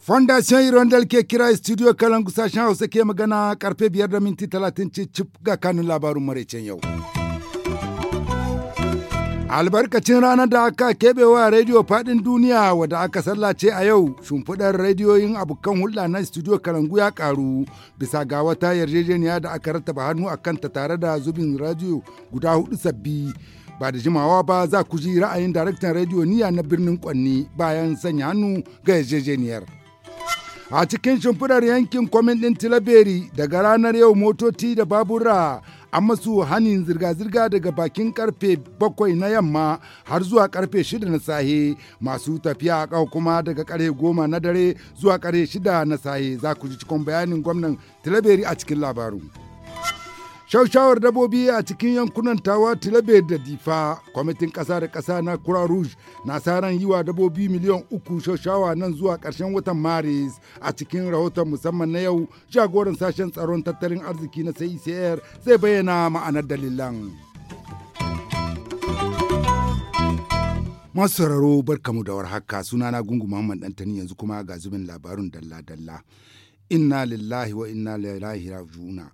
Fondation Hirondelle ke kira studio Kalangu sashen Hausa ke magana karpe biyar da minti talatin ce cif ga kanin labarun maraicen yau. albarkacin ranar da aka keɓewa rediyo faɗin duniya wadda aka sallace a yau shimfiɗar rediyoyin abokan hulɗa na studio kalangu ya ƙaru bisa ga wata yarjejeniya da aka rattaba hannu a kanta tare da zubin radiyo guda hudu sabbi ba da jimawa ba za ku ji ra'ayin daraktan rediyo niya na birnin kwanni bayan sanya hannu ga yarjejeniyar. a cikin shimfidar yankin kwamin ɗin tilaberi daga ranar yau motoci da babura an masu hanin zirga-zirga daga bakin karfe bakwai na yamma har zuwa karfe shida na sahe masu tafiya a kuma daga karfe goma na dare zuwa karfe shida na sahe za ku ji cikin bayanin gwamnan tilaberi a cikin labarin. Shaushawar dabobi a cikin yankunan tawa tilabe da difa, kwamitin ƙasa da ƙasa na Kura Rouge na saran yi wa dabobi miliyan uku shaushawa nan zuwa ƙarshen watan Maris a cikin rahoton musamman na yau jagoran sashen tsaron tattalin arziki na CICR e zai bayyana ma'anar dalilan. Masu sauraro barkamu da warhaka sunana Gungu Muhammad Dantani yanzu kuma ga zubin labarun dalla-dalla. Inna lillahi wa inna ilaihi rajuna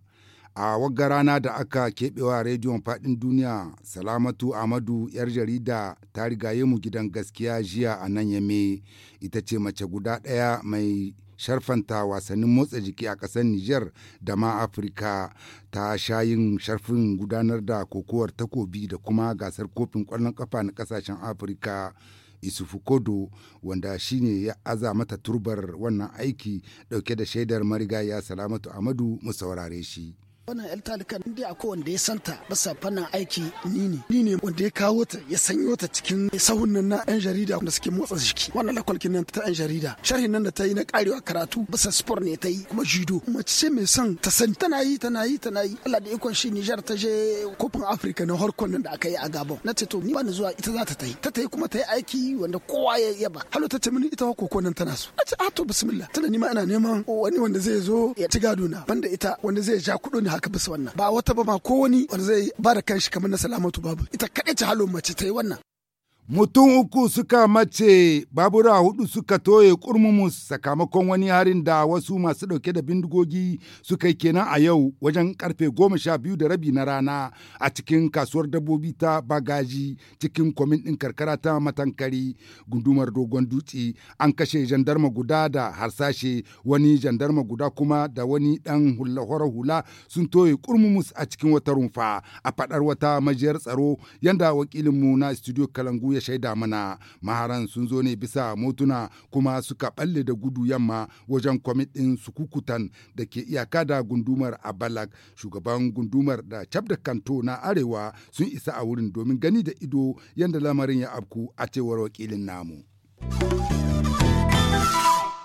a wagga rana da aka keɓewa rediyon faɗin duniya salamatu amadu yar jarida ta rigaye mu gidan gaskiya jiya a nan yame ita ce mace guda ɗaya mai sharfanta wasannin motsa jiki a ƙasar Nijar da ma afirka ta shayin sharfin gudanar da kokowar takobi da kuma gasar kofin ƙwallon ƙafa na ƙasashen afirka isufu kodo wanda shine ya aza mata turbar wannan aiki Ɗauke da shaidar marigaya salamatu amadu mu saurare shi wannan yar talikan inda a wanda ya santa basa fannin aiki ni ne ni ne wanda ya kawo ta ya sanyo ta cikin sahun nan na yan jarida da suke motsa jiki wannan lakwalkin nan ta yan jarida sharhin nan da ta yi na karewa karatu basa sport ne ta yi kuma judo mace ce mai son ta san tana yi tana yi tana yi Allah da ikon shi Niger ta je kofin Africa na harkon nan da aka yi a Gabon na ce to ni ba ni zuwa ita za ta ta yi ta ta yi kuma ta yi aiki wanda kowa ya yaba halo ta ce mini ita koko nan tana so a ce a ah, to bismillah tana ni ma ana neman wani wanda zai zo ya ci gado na banda ita wanda zai ja kuɗo haka bisa wannan ba wata ba ma ko wani wanda zai ba da kanshi kamar na salamatu babu ita kaɗai ce halon mace ta yi wannan Mutum uku suka mace babura hudu suka toye kurmumus sakamakon wani harin da wasu masu dauke da bindigogi suka yi kenan a yau wajen karfe goma sha biyu da rabi na rana a cikin kasuwar dabbobi ta bagaji cikin kwamin din karkara ta matankari gundumar dogon dutse an kashe jandarma guda da harsashe wani jandarma guda kuma da wani dan hula hula sun toye kurmumus a cikin wata rumfa a faɗar wata majiyar tsaro yanda wakilinmu na studio kalangu ya shaida mana maharan sun zo ne bisa motuna kuma suka balle da gudu yamma wajen kwamitin ɗin sukukutan da ke iyaka da gundumar a balak shugaban gundumar da da kanto na arewa sun isa a wurin domin gani da ido yadda lamarin ya afku a cewar wakilin namu.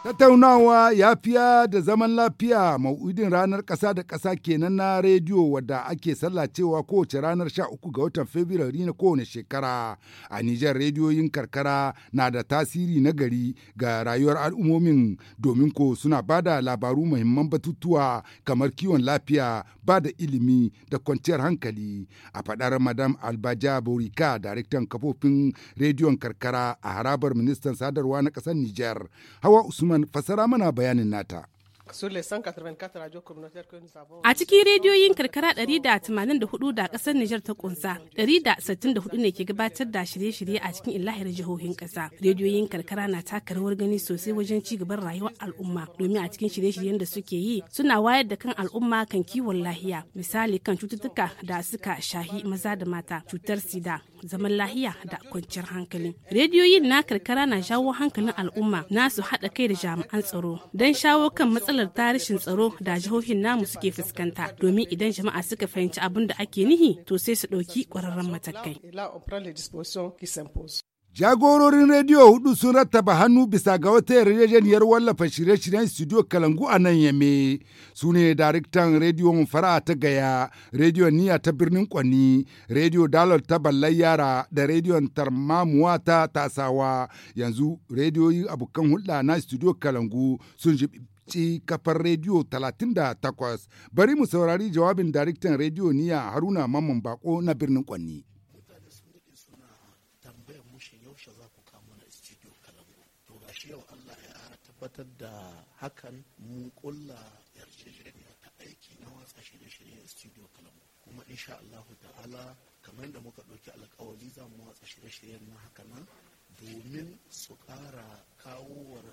Tattaunawa yafiya da zaman lafiya mau'udin ranar ƙasa da ƙasa kenan na rediyo wadda ake sallacewa kowace ranar 13 ga watan Fabrairu na kowane shekara. A Nijar rediyoyin karkara na da tasiri na gari ga rayuwar al'ummomin domin ko suna ba da labaru muhimman batutuwa kamar kiwon lafiya, ba da ilimi da kwanciyar hankali. A faɗar Madam Albaja Borika, daraktan kafofin rediyon karkara a harabar ministan sadarwa na ƙasar Nijar. Hawa Usman fasara mana bayanin nata. A cikin rediyoyin karkara 184 da kasar Nijar ta kunsa, 164 ne ke gabatar da shirye-shirye a cikin ilahir jihohin kasa. Rediyoyin karkara na taka rawar gani sosai wajen ci gaban rayuwar al'umma, domin a cikin shirye-shiryen da suke yi suna wayar da kan al'umma kan kiwon lahiya, misali kan cututtuka da suka shahi maza da mata, cutar sida, zaman lahiya da kwanciyar hankali. Rediyoyin na karkara na jawo hankalin al'umma nasu haɗa kai da jami'an tsaro don shawo kan matsalar matsalar ta tsaro da jihohin namu suke fuskanta domin idan jama'a suka fahimci abin da ake nihi to sai su ɗauki ƙwararren matakai. Jagororin rediyo hudu sun rattaba hannu bisa ga wata yarjejeniyar wallafa shirye-shiryen studio Kalangu a nan Yame. Su ne daraktan rediyon fara ta Gaya, rediyon niya ta birnin Kwani, rediyo Dalol ta Ballai Yara da rediyon Tarmamuwa ta Tasawa. Yanzu rediyoyi abokan hulɗa na studio Kalangu sun ji ce kafar rediyo 38 bari mu saurari jawabin daraktan rediyo niya haruna mamman bako na birnin kwanni yau Allah ya tabbatar da hakan mun kulla yarjejeniya ta aiki na watsa shirye-shiryen studio kalambu kuma insha Allah ta'ala kamar da muka ɗauki alkawari za mu watsa shirye-shiryen na haka nan domin su ƙara kawowar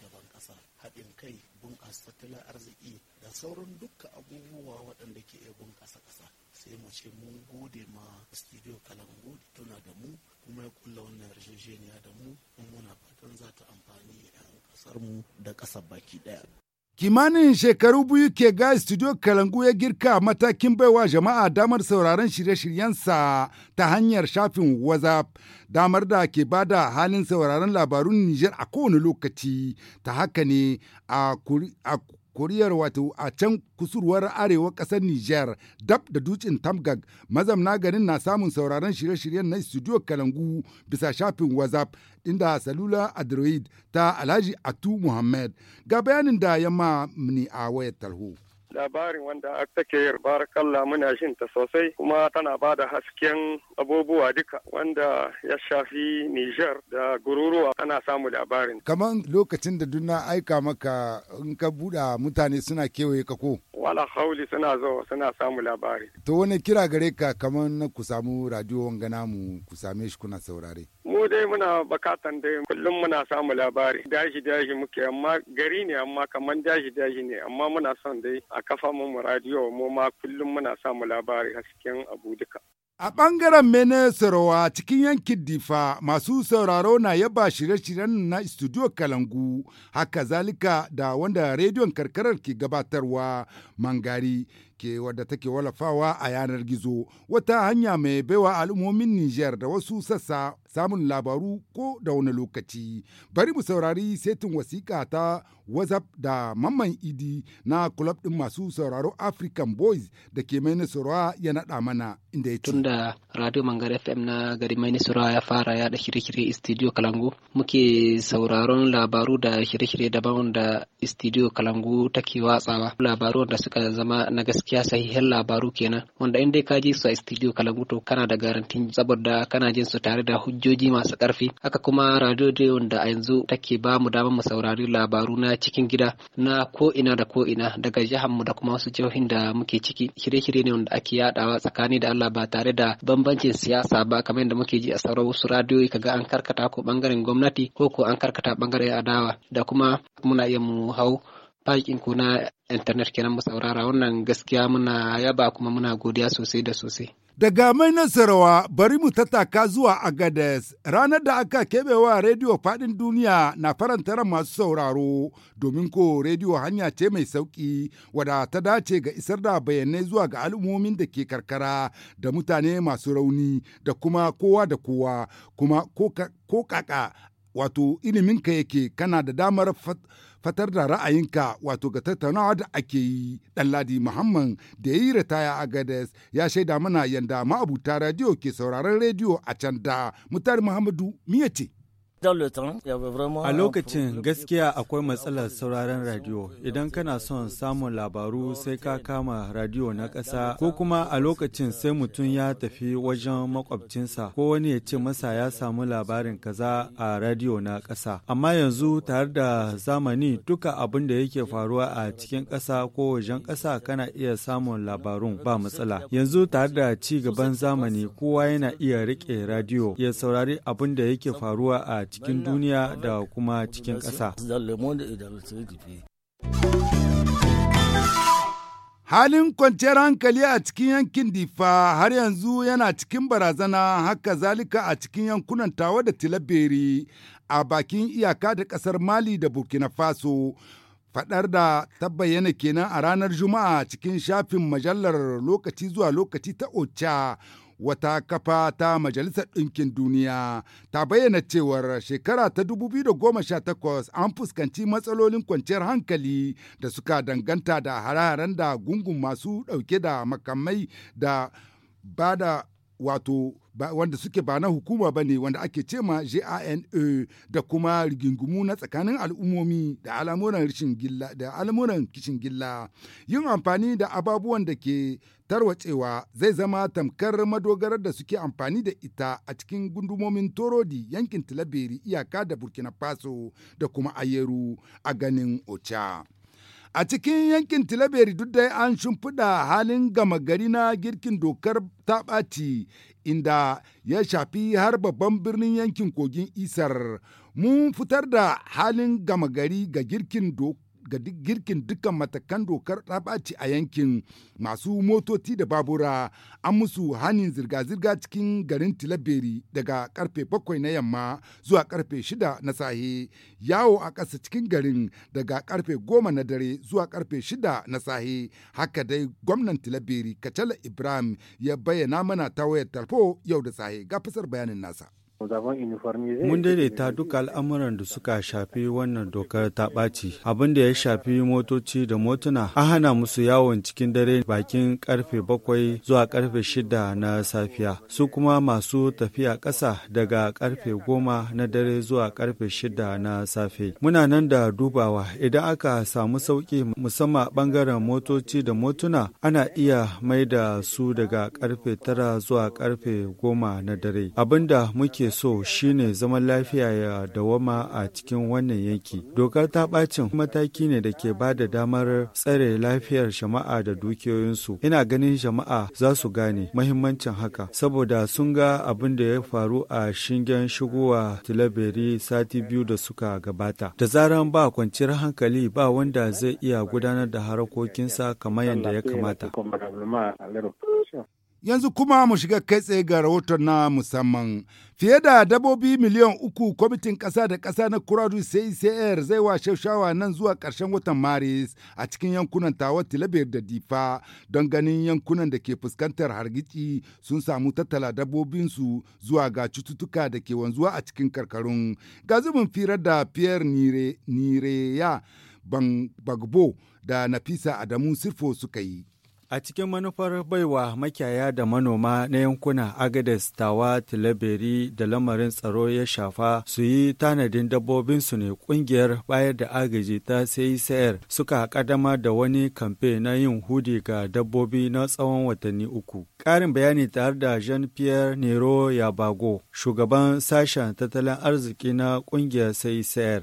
gaban ƙasa haɗin kai bunƙasa tattalin arziki da sauran dukkan abubuwa waɗanda ke iya bunƙasa ƙasa sai mu ce mun gode ma studio kalangu tuna da mu kuma ya kulla wannan yarjejeniya da mu muna fatan za ta amfani 'yan ƙasarmu mu da ƙasa baki ɗaya Kimanin shekaru biyu ke ga studio Kalangu ya girka matakin baiwa jama'a damar sauraron shirye-shiryensa ta hanyar shafin WhatsApp, damar da ke bada halin sauraron labarun Nijar a kowane lokaci, ta haka ne a koriyar wato a can kusurwar arewa ƙasar Nijar dab da dutsen Tamgag mazamna garin na samun sauraron shirye-shiryen na studio Kalangu bisa shafin WhatsApp inda salula Android ta Alhaji Atu Muhammad ga bayanin da yamma ni a wayar tarho. labarin wanda take kalla muna jin ta sosai kuma tana ba da hasken abubuwa duka wanda ya shafi Nijar da gururuwa ana samu labarin. Kaman lokacin da duna aika maka in ka buɗa mutane suna kewaye ka ko? Wala hauli suna zo suna samu labari. To wani kira gare ka kaman na ku samu radio wanga namu ku same shi kuna saurare. mu dai muna bakatan dai kullum muna samu labari dashi dashi muke amma gari ne amma kaman dashi dashi ne amma muna son dai a kafa mu radio mu ma kullum muna samu labari hasken abu duka A ɓangaren Menesarawa cikin yankin Difa masu sauraro na yaba shirye-shiryen na Studio Kalangu, haka zalika da wanda rediyon karkarar ke gabatarwa mangari ke wadda take wallafawa a yanar gizo wata hanya mai baiwa al'ummomin Nijar da wasu sassa samun labaru ko da wani lokaci. Bari mu saurari setin wasiƙa ta WhatsApp da Mamman Idi na club ɗin masu sauraro African Boys da ke mai nasarwa ya naɗa mana inda ya Tun Radio Mangar FM na gari mai nasarwa ya fara yaɗa shirye-shirye Studio Kalangu muke sauraron labaru da shirye-shirye daban da Studio Kalangu take watsawa. Labaru da suka zama na gaskiya gaskiya sahihan labaru kenan wanda in dai ka ji su a studio kalangu kana da garantin saboda kana jin su tare da hujjoji masu karfi haka kuma radio wanda a yanzu take ba mu damar mu saurari labaru na cikin gida na ko ina da ko ina daga jihar mu da kuma wasu jihohin da muke ciki shirye-shirye ne wanda ake yadawa tsakani da Allah ba tare da bambancin siyasa ba kamar yadda muke ji a sauran wasu radiyoyi kaga an karkata ko bangaren gwamnati ko ko an karkata bangaren adawa da kuma muna iya mu hau bakin ku na internet kenan mu saurara wannan gaskiya muna yaba kuma muna godiya sosai da sosai. Daga mai nasarawa bari mu tattaka zuwa Agades ranar da aka kebewa rediyo faɗin duniya na faranta masu sauraro domin ko rediyo hanya ce mai sauƙi wada ta dace ga isar da bayanai zuwa ga al'ummomin da ke karkara da mutane masu rauni da kuma kowa da kowa kuma ko kaka wato iliminka yake kana da damar fatar da ra'ayinka wato ga tattaunawa da ake yi ɗanladi muhammad da ya yi ritaya a gades ya shaida mana yanda ma'abuta rediyo ke sauraron rediyo a can da mutar muhammadu miya ce A lokacin gaskiya akwai matsalar sauraron radiyo idan kana son samun labaru sai ka kama radiyo na ƙasa ko kuma a lokacin sai mutum ya tafi wajen makwabcinsa ko wani ya ce masa ya samu labarin kaza a radiyo na ƙasa. Amma yanzu tare da zamani duka abin da yake faruwa a cikin ƙasa ko wajen ƙasa kana iya samun labarun ba matsala. Yanzu tare da ci gaban zamani kowa yana iya riƙe radiyo ya saurari abin da yake faruwa a cikin duniya da kuma cikin ƙasa. Halin kwanciyar hankali a cikin yankin Difa har yanzu yana cikin barazana haka zalika a cikin yankunan Tawa da tilabiri a bakin iyaka da ƙasar Mali da Burkina Faso. Faɗar da ta bayyana kenan a ranar Juma'a cikin shafin majallar lokaci zuwa lokaci ta Ocha wata kafa ta Majalisar Ɗinkin Duniya ta bayyana cewar shekara ta 2018 an fuskanci matsalolin kwanciyar hankali da suka danganta da hare-haren da gungun masu ɗauke da makamai da ba da wato wanda suke ba na hukuma ba ne wanda ake cema jane da kuma rigingumu na tsakanin al'ummomi da alamuran rishin gilla da alamuran kishin gilla yin amfani da ababuwan da ke tarwatsewa zai zama tamkar madogarar da suke amfani da ita a cikin gundumomin torodi yankin tilaberi iyaka da burkina faso da kuma ayeru a ganin ocha A cikin yankin Tilaberi duk da an shimfiɗa halin gama gari na girkin dokar ta ɓaci inda ya shafi har babban birnin yankin kogin Isar. Mun fitar da halin gama gari ga girkin dokar ga girkin dukkan matakan dokar ɗabaci a yankin masu motoci da babura an musu hanin zirga-zirga cikin garin tilaberi daga karfe bakwai na yamma zuwa karfe shida na sahi. yawo a ƙasa cikin garin daga karfe goma na dare zuwa karfe shida na sahi haka dai gwamnan tilaberi kacala ibrahim ya bayyana mana ta wayar tarfo yau da sahi, ga fasar bayanin nasa. Mun daidaita duk al'amuran da suka shafi wannan dokar ta ɓaci. Abin da ya shafi motoci da motuna, an hana musu yawon cikin dare bakin karfe bakwai zuwa karfe shida na safiya. Su kuma masu tafiya ƙasa daga karfe goma na dare zuwa karfe shida na safe. Muna nan da dubawa idan aka samu sauƙi musamman ɓangaren motoci da motuna ana iya mai da su daga karfe tara zuwa karfe goma na dare. Abin da muke muke so shine zaman lafiya ya dawama a cikin wannan yanki. Dokar ta ɓacin mataki ne da ke ba da damar tsare lafiyar jama'a da dukiyoyinsu. Ina ganin jama'a za su gane mahimmancin haka saboda sun ga abin da ya faru a shingen shigowa tilaberi sati biyu da suka gabata. Da zaran ba kwanciyar hankali ba wanda zai iya gudanar da harakokinsa kamar yadda ya kamata. Yanzu kuma mu shiga kai tsaye ga rahoton na musamman. Fiye da dabobi miliyan uku kwamitin ƙasa da ƙasa na Kuradu CICR zai wa shaushawa nan zuwa ƙarshen watan Maris a cikin yankunan Tawa Tilabir da Difa don ganin yankunan da ke fuskantar hargitsi sun samu tattala dabobinsu zuwa ga cututtuka da ke wanzuwa a cikin karkarun. zubin firar da Pierre Nireya Bagbo da Nafisa Adamu Sirfo suka yi. A cikin manufar baiwa makiyaya da manoma na yankuna Agades, Tawa, Tilaberi da lamarin tsaro ya shafa su yi tanadin dabbobinsu ne kungiyar bayar da agaji ta sayar suka kadama da wani kamfe na yin hudi ga dabbobi na tsawon watanni uku. Karin bayani tare da Jean-Pierre Nero Yabago, shugaban sashen tattalin arziki na kungiyar sayar.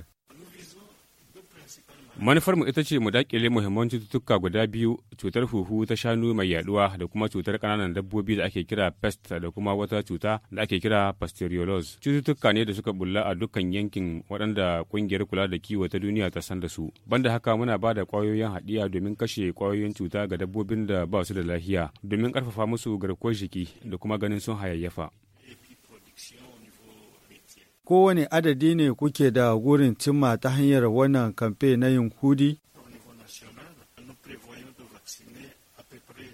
manufarmu ita ce mu dakile muhimman cututtuka guda biyu cutar huhu ta shanu mai yaduwa da kuma cutar kananan dabbobi da ake kira pest da kuma wata cuta da ake kira pasteuriosis cututtuka ne da suka bulla a dukkan yankin waɗanda ƙungiyar kula da kiwo ta duniya ta san da su banda haka muna ba da kwayoyin haɗiya domin kashe kwayoyin cuta ga dabbobin da ba su da lafiya domin ƙarfafa musu garkuwar jiki da kuma ganin sun hayayyafa Kowane adadi ne kuke da gurin cimma ta hanyar wannan kamfe na yin hudi?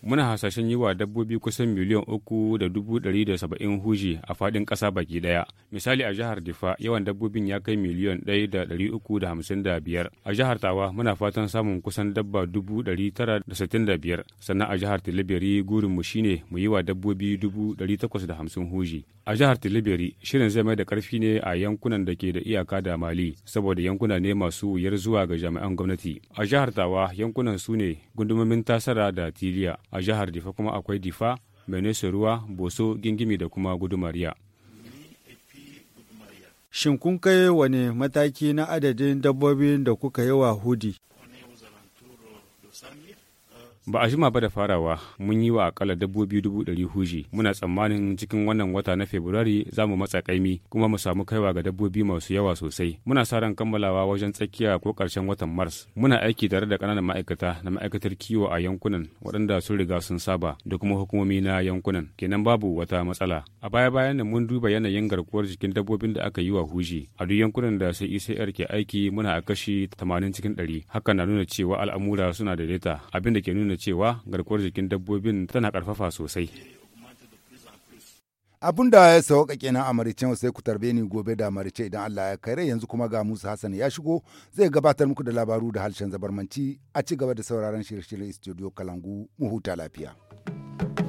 muna hasashen yi wa dabbobi kusan miliyan uku da dubu ɗari da saba'in huji a faɗin ƙasa baki ɗaya misali a jihar difa yawan dabbobin ya kai miliyan ɗaya da ɗari uku da hamsin da biyar a jihar tawa muna fatan samun kusan dabba dubu ɗari tara da sittin da biyar sannan a jihar tilibiri gurin gurinmu shine mu yi wa dabbobi dubu ɗari takwas da hamsin huji a jihar tilibiri shirin zai mai da ƙarfi ne a yankunan da ke da iyaka da mali saboda yankuna ne masu wuyar zuwa ga jami'an gwamnati a jihar tawa yankunan su ne gundumomin tasara da tiliya a a jihar difa kuma akwai difa ruwa boso gingimi da kuma gudumariya shin kun kai wane mataki na adadin dabbobin da kuka yi wa hudi Ba a jima ba da farawa mun yi wa akalla dabbobi dubu ɗari huji muna tsammanin cikin wannan wata na Fabrairu za mu matsa kaimi kuma mu samu kaiwa ga dabbobi masu yawa sosai. Muna sa ran kammalawa wajen tsakiya ko ƙarshen watan Mars. Muna aiki tare da ƙananan ma'aikata na ma'aikatar kiwo a yankunan waɗanda sun riga sun saba da kuma hukumomi na yankunan. Kenan babu wata matsala. A baya-bayan nan mun duba yanayin garkuwar jikin dabbobin da aka yi wa huji. A duk yankunan da sai ICR e ke aiki muna a kashi 80 cikin 100. Hakan na nuna cewa al'amura suna daidaita abin da ke nuna cewa garkuwar jikin dabbobin tana karfafa sosai. abun da ya sauka kenan a sai ku tarbe ni gobe da marice idan Allah ya kai rai yanzu kuma ga Musa Hassan ya shigo zai gabatar muku da labaru da harshen zabarmanci a ci gaba da sauraron shirye-shiryen studio Kalangu mu huta lafiya.